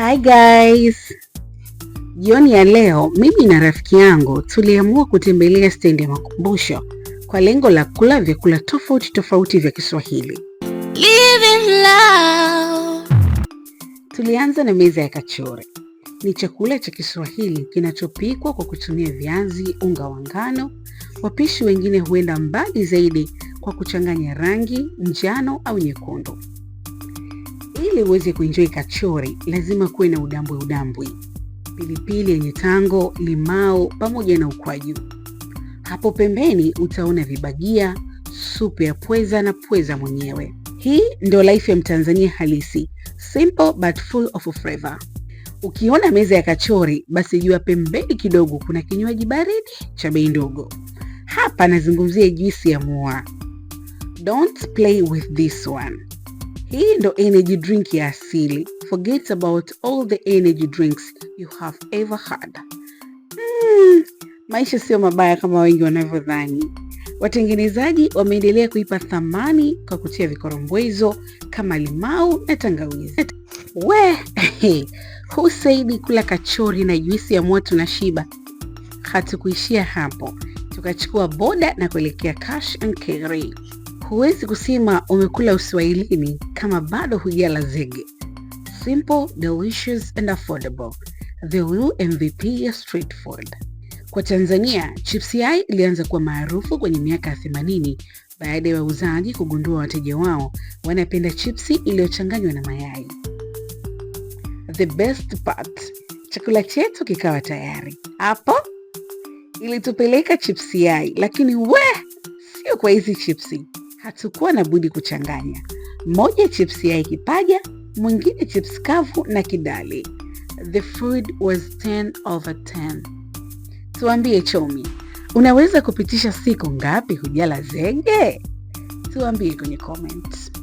Hi guys. Jioni ya leo mimi na rafiki yangu tuliamua kutembelea stendi ya makumbusho kwa lengo la kula vyakula tofauti tofauti vya Kiswahili. Tulianza na meza ya kachori. Ni chakula cha Kiswahili kinachopikwa kwa kutumia viazi, unga wa ngano. Wapishi wengine huenda mbali zaidi kwa kuchanganya rangi njano au nyekundu. Ili uweze kuenjoy kachori, lazima kuwe na udambwe udambwe, pilipili yenye tango, limao pamoja na ukwaju. Hapo pembeni utaona vibagia, supu ya pweza na pweza mwenyewe. Hii ndio life ya Mtanzania halisi, simple but full of flavor. Ukiona meza ya kachori, basi jua pembeni kidogo kuna kinywaji baridi cha bei ndogo. Hapa nazungumzia juisi ya mua. Don't play with this one. Hii ndo energy drink ya asili. Forget about all the energy drinks you have ever had. Mm, maisha sio mabaya kama wengi wanavyodhani. Watengenezaji wameendelea kuipa thamani kwa kutia vikorombwezo kama limau na tangawizi. We husaidi kula kachori na juisi ya moto na shiba. Hatukuishia hapo, tukachukua boda na kuelekea Cash and Carry. Huwezi kusema umekula uswahilini kama bado hujala zege. Simple, delicious and affordable, the real MVP ya street food. Kwa Tanzania, chipsi ai ilianza kuwa maarufu kwenye miaka ya 80 baada ya wauzaji kugundua wateja wao wanapenda chipsi iliyochanganywa na mayai. The best part, chakula chetu kikawa tayari. Hapo ilitupeleka chipsi yai, lakini we sio kwa hizi chipsi hatukuwa na budi kuchanganya, moja chips yai kipaja, mwingine chips kavu na kidali. The food was 10 over 10. Tuambie Chomi, unaweza kupitisha siku ngapi hujala zege? Tuambie kwenye comments